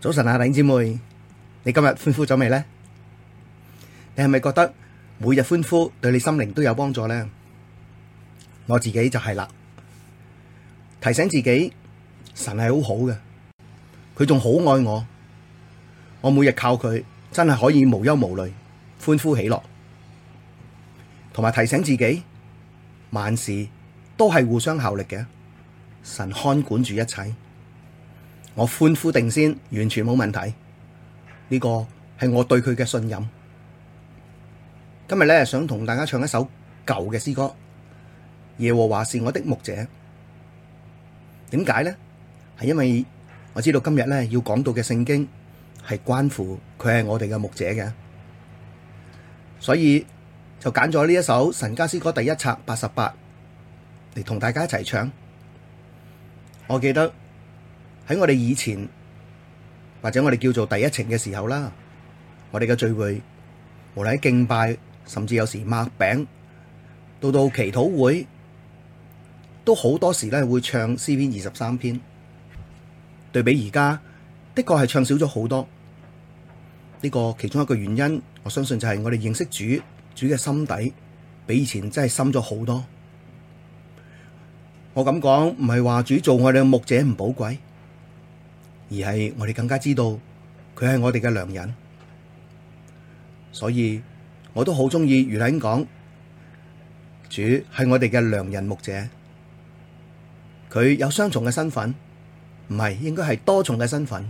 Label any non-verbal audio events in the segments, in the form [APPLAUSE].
早晨啊，弟兄姊妹，你今日歡呼咗未呢？你係咪覺得每日歡呼對你心靈都有幫助呢？我自己就係啦，提醒自己神係好好嘅，佢仲好愛我，我每日靠佢真係可以無憂無慮，歡呼喜樂，同埋提醒自己萬事都係互相效力嘅，神看管住一切。我歡呼定先，完全冇問題。呢個係我對佢嘅信任。今日咧想同大家唱一首舊嘅詩歌，《耶和華是我的牧者》。點解呢？係因為我知道今日咧要講到嘅聖經係關乎佢係我哋嘅牧者嘅，所以就揀咗呢一首神家詩歌第一冊八十八嚟，同大家一齊唱。我記得。喺我哋以前或者我哋叫做第一程嘅時候啦，我哋嘅聚會，無論喺敬拜，甚至有時擘餅，到到祈禱會，都好多時咧會唱詩篇二十三篇。對比而家，的確係唱少咗好多。呢、這個其中一個原因，我相信就係我哋認識主，主嘅心底比以前真係深咗好多。我咁講唔係話主做我哋嘅牧者唔寶貴。而係我哋更加知道佢係我哋嘅良人，所以我都好中意如嚟講，主係我哋嘅良人牧者，佢有雙重嘅身份，唔係應該係多重嘅身份。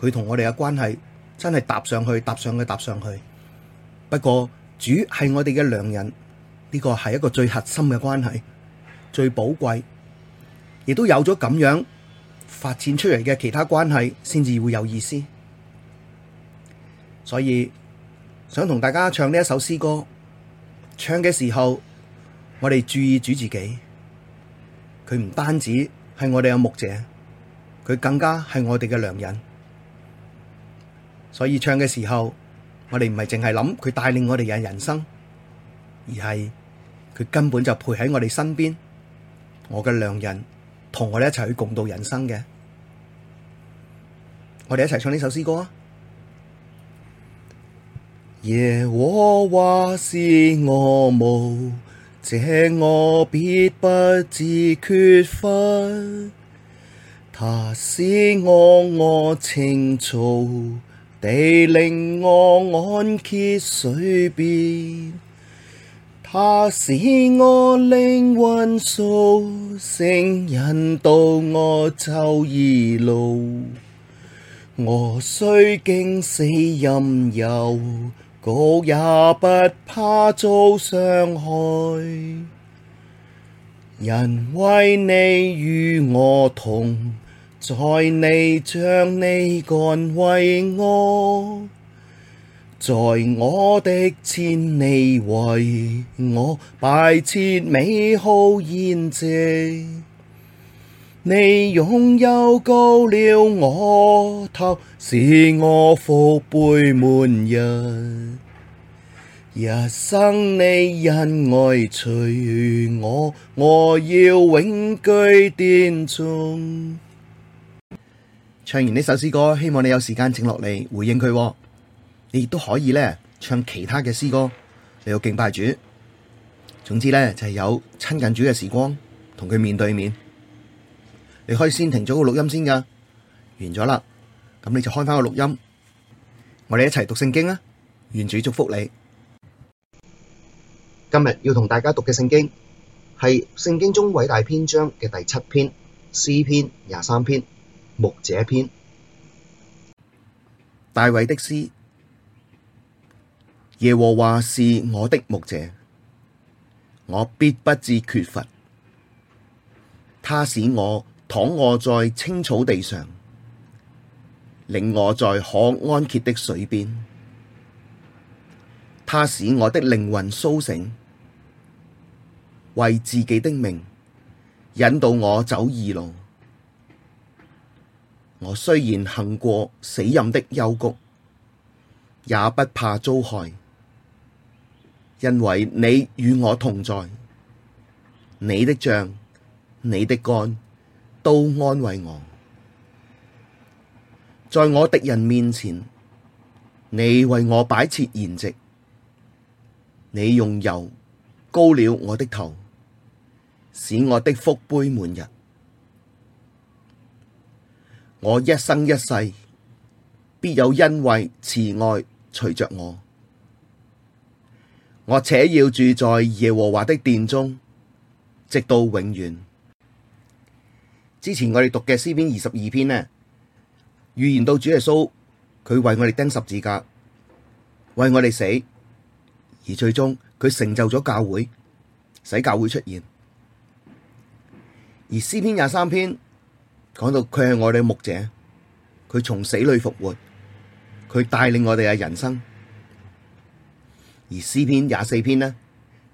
佢同我哋嘅關係真係搭上去，搭上去，搭上去。不過主係我哋嘅良人，呢個係一個最核心嘅關係，最寶貴，亦都有咗咁樣。發展出嚟嘅其他關係，先至會有意思。所以想同大家唱呢一首詩歌，唱嘅時候，我哋注意主自己。佢唔單止係我哋嘅牧者，佢更加係我哋嘅良人。所以唱嘅時候，我哋唔係淨係諗佢帶領我哋嘅人生，而係佢根本就陪喺我哋身邊，我嘅良人。同我哋一齊去共度人生嘅，我哋一齊唱呢首詩歌啊！耶和華是我牧者，我必不致缺乏。他使我臥青草地，領我安歇水邊。 [MUSIC] 他使我靈魂甦醒，引導我走義路。我雖經死蔭幽谷，我也不怕遭傷害。因為你與我同在，你杖你竿慰我。在我敵前，你為我擺設美好筵席，你用油膏了我頭，使我福杯滿溢。一生你恩愛隨我，我要永居殿中。唱完呢首詩歌，希望你有時間請落嚟回應佢喎。你亦都可以咧唱其他嘅詩歌，你有敬拜主。總之咧就係有親近主嘅時光，同佢面對面。你可以先停咗個錄音先噶完咗啦，咁你就開翻個錄音，我哋一齊讀聖經啊！願主祝福你。今日要同大家讀嘅聖經係聖經中偉大篇章嘅第七篇詩篇廿三篇牧者篇，大衛的詩。耶和華是我的牧者，我必不致缺乏。他使我躺臥在青草地上，領我在可安歇的水邊。他使我的靈魂甦醒，為自己的名引導我走義路。我雖然行過死蔭的幽谷，也不怕遭害。因為你與我同在，你的杖、你的竿都安慰我，在我敵人面前，你為我擺設筵席，你用油膏了我的頭，使我的福杯滿溢。我一生一世必有恩惠慈愛隨着我。我且要住在耶和華的殿中，直到永遠。之前我哋讀嘅詩篇二十二篇呢，預言到主耶穌佢為我哋釘十字架，為我哋死，而最終佢成就咗教會，使教會出現。而詩篇廿三篇講到佢係我哋嘅牧者，佢從死裏復活，佢帶領我哋嘅人生。而詩篇廿四篇呢，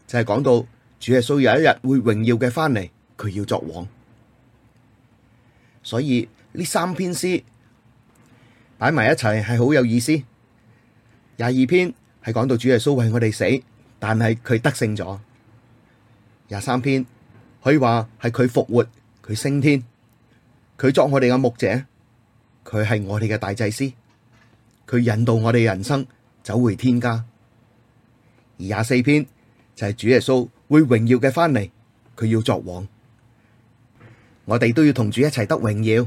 就係講到主耶穌有一日會榮耀嘅翻嚟，佢要作王。所以呢三篇詩擺埋一齊係好有意思。廿二篇係講到主耶穌為我哋死，但係佢得勝咗。廿三篇可以話係佢復活，佢升天，佢作我哋嘅牧者，佢係我哋嘅大祭司，佢引導我哋人生走回天家。而廿四篇就係主耶穌會榮耀嘅翻嚟，佢要作王，我哋都要同主一齊得榮耀。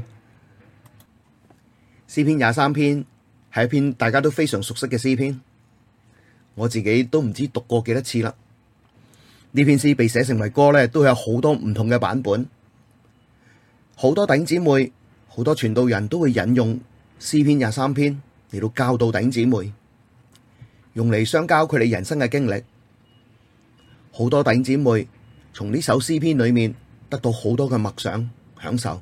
詩篇廿三篇係一篇大家都非常熟悉嘅詩篇，我自己都唔知讀過幾多次啦。呢篇詩被寫成為歌咧，都有好多唔同嘅版本，好多頂姊妹，好多傳道人都會引用詩篇廿三篇嚟到教導頂姊妹。用嚟相交佢哋人生嘅經歷，好多弟兄姊妹從呢首詩篇裏面得到好多嘅默想享受。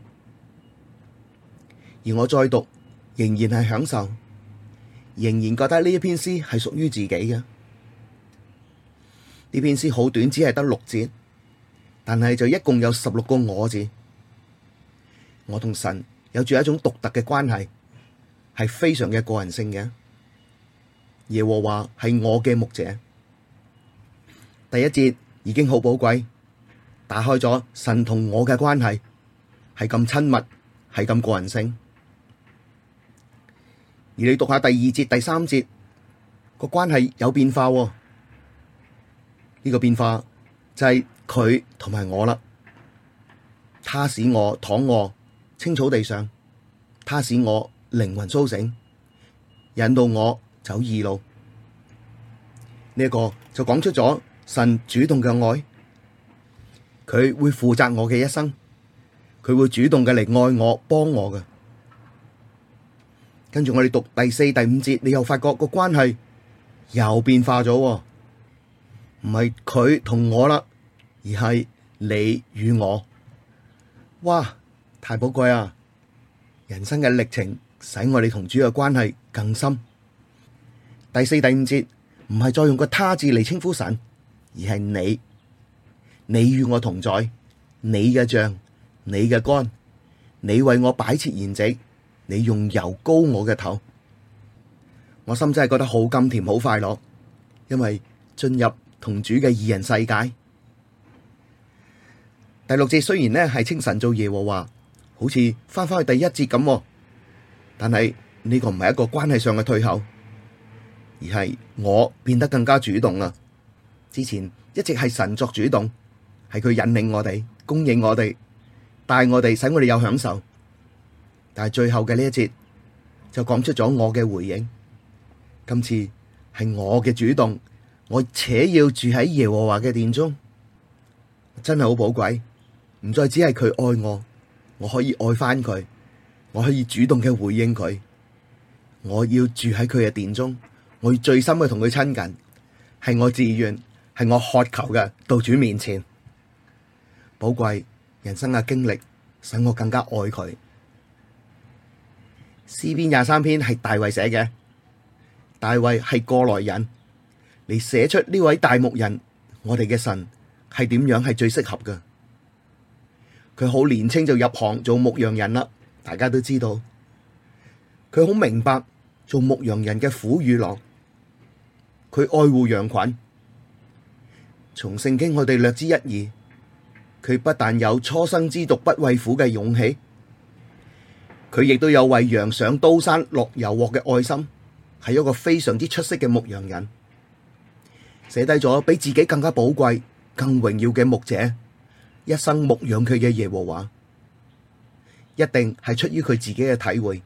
而我再讀，仍然係享受，仍然覺得呢一篇詩係屬於自己嘅。呢篇詩好短，只係得六節，但係就一共有十六個我字。我同神有住一種獨特嘅關係，係非常嘅個人性嘅。耶和華係我嘅牧者，第一節已經好寶貴，打開咗神同我嘅關係係咁親密，係咁個人性。而你讀下第二節、第三節，個關係有變化、哦，呢、呢個變化就係佢同埋我啦。他使我躺卧青草地上，他使我靈魂甦醒，引導我。走義路呢，這個就講出咗神主動嘅愛，佢會負責我嘅一生，佢會主動嘅嚟愛我，幫我嘅。跟住我哋讀第四、第五節，你又發覺個關係又變化咗，唔係佢同我啦，而係你與我。哇，太寶貴啊！人生嘅歷程使我哋同主嘅關係更深。第四、第五節唔係再用個他字嚟稱呼神，而係你，你與我同在，你嘅杖，你嘅竿，你為我擺設筵席，你用油膏我嘅頭，我心真係覺得好甘甜，好快樂，因為進入同主嘅二人世界。第六節雖然呢係稱神做耶和華，好似翻返去第一節咁，但係呢個唔係一個關係上嘅退後，而係我變得更加主動啦！之前一直係神作主動，係佢引領我哋、供應我哋、帶我哋，使我哋有享受。但係最後嘅呢一節就講出咗我嘅回應。今次係我嘅主動，我且要住喺耶和華嘅殿中，真係好寶貴，唔再只係佢愛我，我可以愛翻佢，我可以主動嘅回應佢，我要住喺佢嘅殿中。佢最深嘅同佢親近，係我自願，係我渴求嘅。到主面前，寶貴人生嘅經歷，使我更加愛佢。詩篇廿三篇係大衛寫嘅，大衛係過來人嚟，寫出呢位大牧人，我哋嘅神係點樣係最適合嘅。佢好年青就入行做牧羊人啦，大家都知道。佢好明白做牧羊人嘅苦與樂。佢愛護羊群，從聖經我哋略知一二，佢不但有初生之犢不畏虎嘅勇氣，佢亦都有為羊上刀山落油鑊嘅愛心，係一個非常之出色嘅牧羊人，寫低咗比自己更加寶貴，更榮耀嘅牧者，一生牧養佢嘅耶和華，一定係出於佢自己嘅體會。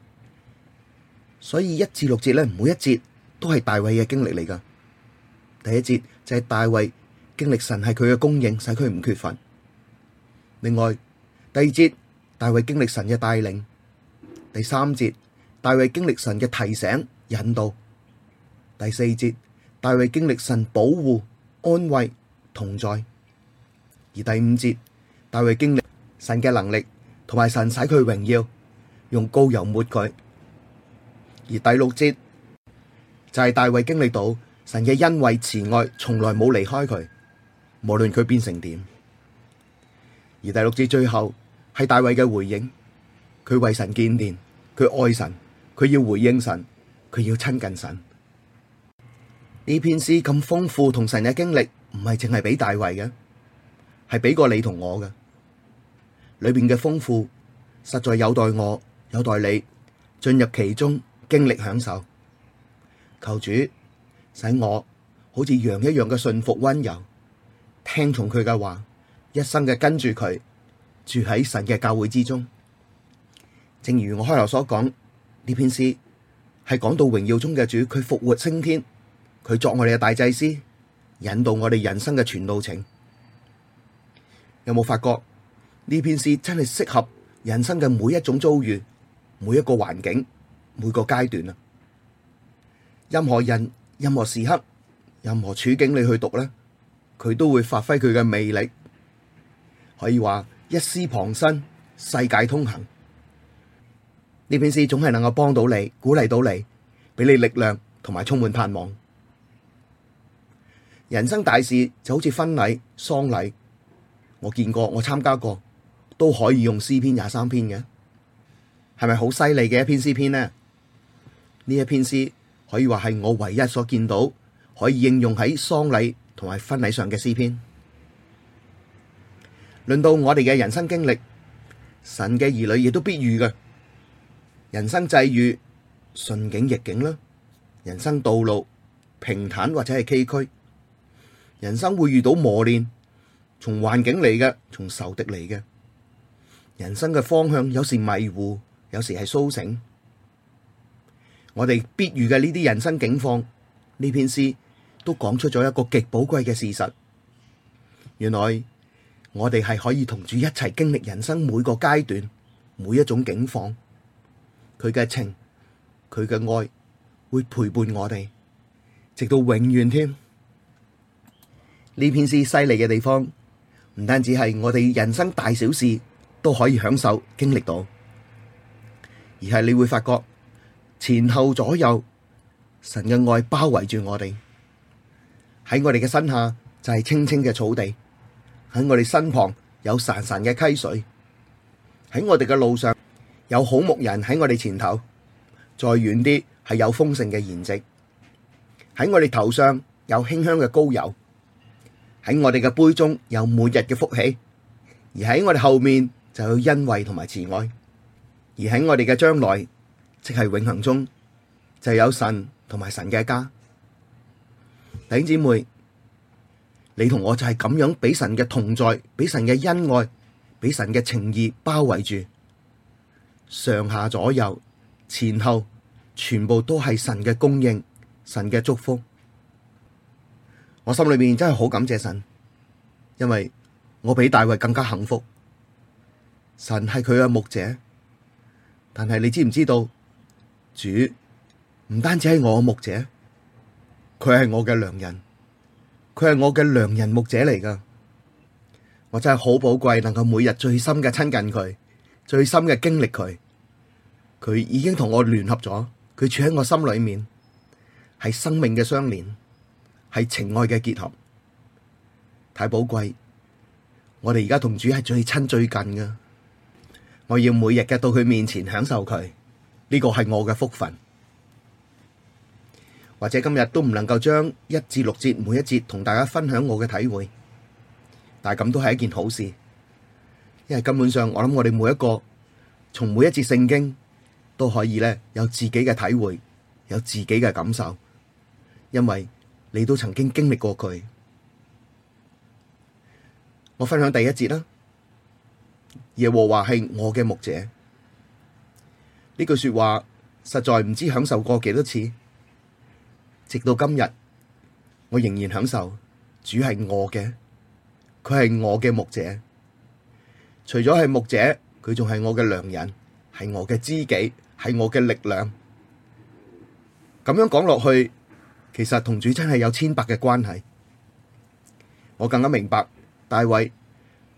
所以一至六節呢，每一節，都係大衛嘅經歷嚟㗎。第一節就係大衛經歷神係佢嘅供應，使佢唔缺乏。另外，第二節大衛經歷神嘅帶領；第三節大衛經歷神嘅提醒、引導；第四節大衛經歷神保護、安慰、同在；而第五節大衛經歷神嘅能力，同埋神使佢榮耀，用膏油抹佢。而第六節就係大衛經歷到。神嘅恩惠慈愛從來冇離開佢，無論佢變成點。而第六至最後係大衛嘅回應，佢為神見證，佢愛神，佢要回應神，佢要親近神。呢篇詩咁豐，豐富，同神嘅經歷唔係淨係俾大衛嘅，係俾過你同我嘅。裏邊嘅豐富實在有待我、有待你進入其中經歷享受。求主。使我好似羊一樣嘅信服溫柔，聽從佢嘅話，一生嘅跟住佢，住喺神嘅教會之中。正如我開頭所講，呢篇詩係講到榮耀中嘅主，佢復活升天，佢作我哋嘅大祭司，引導我哋人生嘅全路程。有冇發覺呢篇詩真係適合人生嘅每一種遭遇、每一個環境、每個階段啊！任何人。任何時刻、任何處境，你去讀呢，佢都會發揮佢嘅魅力。可以話一詩旁身，世界通行。呢篇詩總係能夠幫到你，鼓勵到你，畀你力量同埋充滿盼望。人生大事就好似婚禮、喪禮，我見過，我參加過，都可以用詩篇廿三篇嘅，係咪好犀利嘅一篇詩篇呢？呢一篇詩。可以話係我唯一所見到可以應用喺喪禮同埋婚禮上嘅詩篇。論到我哋嘅人生經歷，神嘅兒女亦都必遇嘅。人生際遇順境逆境啦，人生道路平坦或者係崎嶇，人生會遇到磨練，從環境嚟嘅，從仇敵嚟嘅。人生嘅方向有時迷糊，有時係甦醒。我哋必遇嘅呢啲人生境況，呢篇詩都講出咗一個極寶貴嘅事實。原來我哋係可以同主一齊經歷人生每個階段、每一種境況，佢嘅情、佢嘅愛會陪伴我哋，直到永遠添。呢篇詩犀利嘅地方，唔單止係我哋人生大小事都可以享受經歷到，而係你會發覺。前後左右，神嘅愛包圍住我哋。喺我哋嘅身下就係青青嘅草地，喺我哋身旁有潺潺嘅溪水，喺我哋嘅路上有好牧人喺我哋前頭。再遠啲係有豐盛嘅筵席，喺我哋頭上有馨香嘅膏油，喺我哋嘅杯中有每日嘅福氣。而喺我哋後面就有恩惠同埋慈愛，而喺我哋嘅將來。即係永恆中，就係有神同埋神嘅家。弟兄姊妹，你同我就係咁樣俾神嘅同在，俾神嘅恩愛，俾神嘅情意包圍住，上下左右前後，全部都係神嘅供應，神嘅祝福。我心裏面真係好感謝神，因為我比大衛更加幸福。神係佢嘅牧者，但係你知唔知道？主唔單止係我牧者，佢係我嘅良人，佢係我嘅良人牧者嚟噶。我真係好寶貴，能夠每日最深嘅親近佢，最深嘅經歷佢。佢已經同我聯合咗，佢住喺我心裏面，係生命嘅相連，係情愛嘅結合。太寶貴，我哋而家同主係最親最近噶，我要每日嘅到佢面前享受佢。呢個係我嘅福分，或者今日都唔能夠將一至六節每一節同大家分享我嘅體會，但係咁都係一件好事，因為根本上我諗我哋每一個從每一節聖經都可以咧有自己嘅體會，有自己嘅感受，因為你都曾經經歷過佢。我分享第一節啦，耶和華係我嘅牧者。呢句說話實在唔知享受過幾多次，直到今日我仍然享受主係我嘅，佢係我嘅牧者。除咗係牧者，佢仲係我嘅良人，係我嘅知己，係我嘅力量。咁樣講落去，其實同主真係有千百嘅關係。我更加明白大衛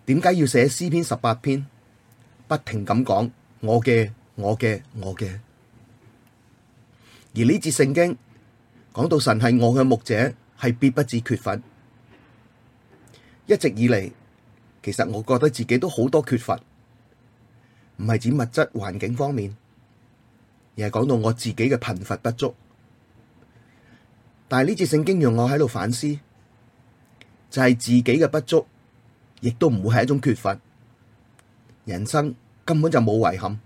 點解要寫詩篇十八篇，不停咁講我嘅。我嘅我嘅，而呢節聖經講到神係我嘅牧者，係必不至缺乏。一直以嚟，其實我覺得自己都好多缺乏，唔係指物質環境方面，而係講到我自己嘅貧乏不足。但係呢節聖經讓我喺度反思，就係自己嘅不足，亦都唔會係一種缺乏。人生根本就冇遺憾。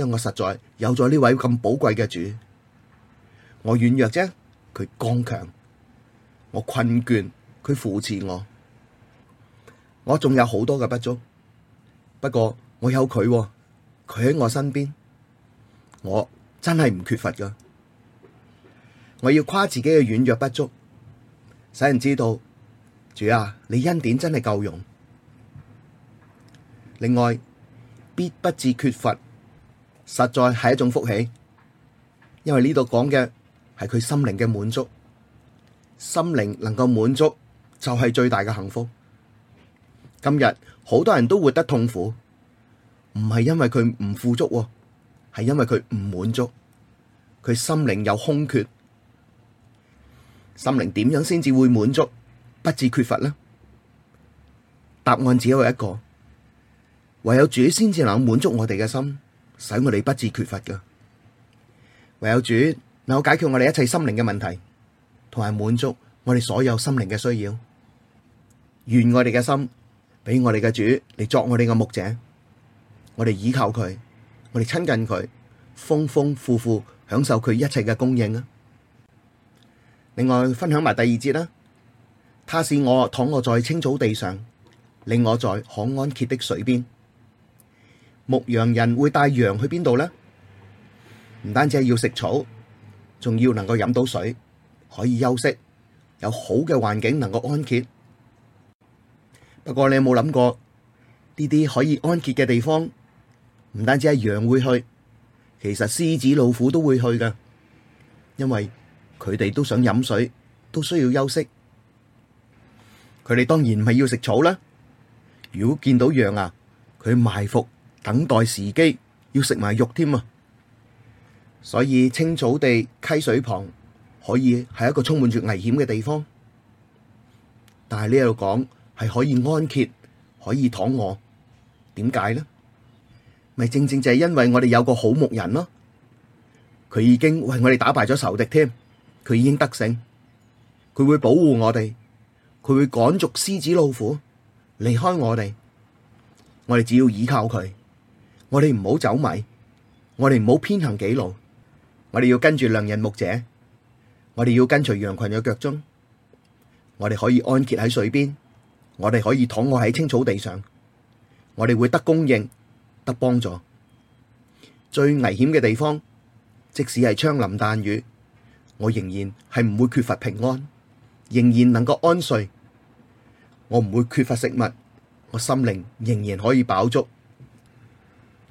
因為我實在有咗呢位咁寶貴嘅主，我軟弱啫，佢剛強；我困倦，佢扶持我；我仲有好多嘅不足，不過我有佢喎，佢喺我身邊，我真係唔缺乏噶。我要誇自己嘅軟弱不足，使人知道主啊，你恩典真係夠用。另外，必不至缺乏。實在係一種福氣，因為呢度講嘅係佢心靈嘅滿足，心靈能夠滿足就係最大嘅幸福。今日好多人都活得痛苦，唔係因為佢唔富足，係因為佢唔滿足，佢心靈有空缺。心靈點樣先至會滿足，不致缺乏呢？答案只有一個，唯有主先至能滿足我哋嘅心。使我哋不至缺乏嘅，唯有主能夠解決我哋一切心靈嘅問題，同埋滿足我哋所有心靈嘅需要，願我哋嘅心俾我哋嘅主嚟作我哋嘅牧者，我哋倚靠佢，我哋親近佢，豐豐富富享受佢一切嘅供應啊！另外分享埋第二節啦，他使我躺臥在青草地上，領我在可安歇的水邊。牧羊人會帶羊去邊度呢？唔單止係要食草，仲要能夠飲到水，可以休息，有好嘅環境能夠安歇。不過你有冇諗過呢啲可以安歇嘅地方？唔單止係羊會去，其實獅子、老虎都會去噶，因為佢哋都想飲水，都需要休息。佢哋當然唔係要食草啦。如果見到羊啊，佢埋伏。等待時機，要食埋肉添啊！所以青草地、溪水旁可以係一個充滿住危險嘅地方，但係呢度講係可以安歇，可以躺臥。點解呢？咪正正就係因為我哋有個好牧人咯，佢已經為我哋打敗咗仇敵添，佢已經得勝，佢會保護我哋，佢會趕逐獅子老虎，離開我哋，我哋只要依靠佢。我哋唔好走迷，我哋唔好偏行己路，我哋要跟住良人牧者，我哋要跟隨羊群嘅腳蹤。我哋可以安歇喺水邊，我哋可以躺卧喺青草地上，我哋會得供應，得幫助。最危險嘅地方，即使係槍林彈雨，我仍然係唔會缺乏平安，仍然能夠安睡。我唔會缺乏食物，我心靈仍然可以飽足。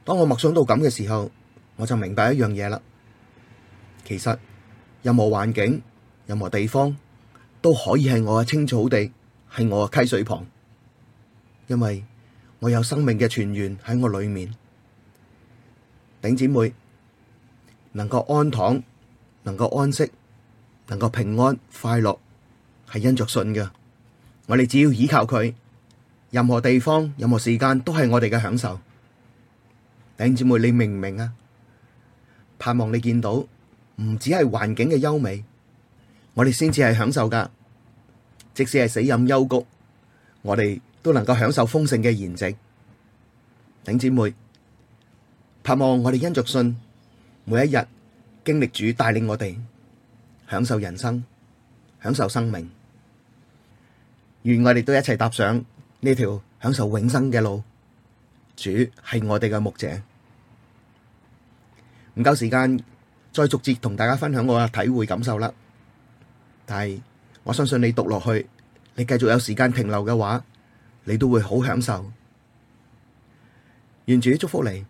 當我默想到咁嘅時候，我就明白一樣嘢啦。其實任何環境、任何地方都可以係我嘅青草地，係我嘅溪水旁，因為我有生命嘅泉源喺我裏面。頂姐妹能夠安躺，能夠安息，能夠平安快樂，係因着信嘅。我哋只要依靠佢，任何地方、任何時間都係我哋嘅享受。弟兄姊妹，你明唔明啊？盼望你見到唔只係環境嘅優美，我哋先至係享受噶。即使係死蔭幽谷，我哋都能夠享受豐盛嘅筵席。弟兄姊妹，盼望我哋因着信，每一日經歷主帶領我哋享受人生，享受生命。願我哋都一齊踏上呢條享受永生嘅路。主係我哋嘅牧者。唔夠時間，再逐節同大家分享我嘅體會感受啦。但係我相信你讀落去，你繼續有時間停留嘅話，你都會好享受。願主祝福你。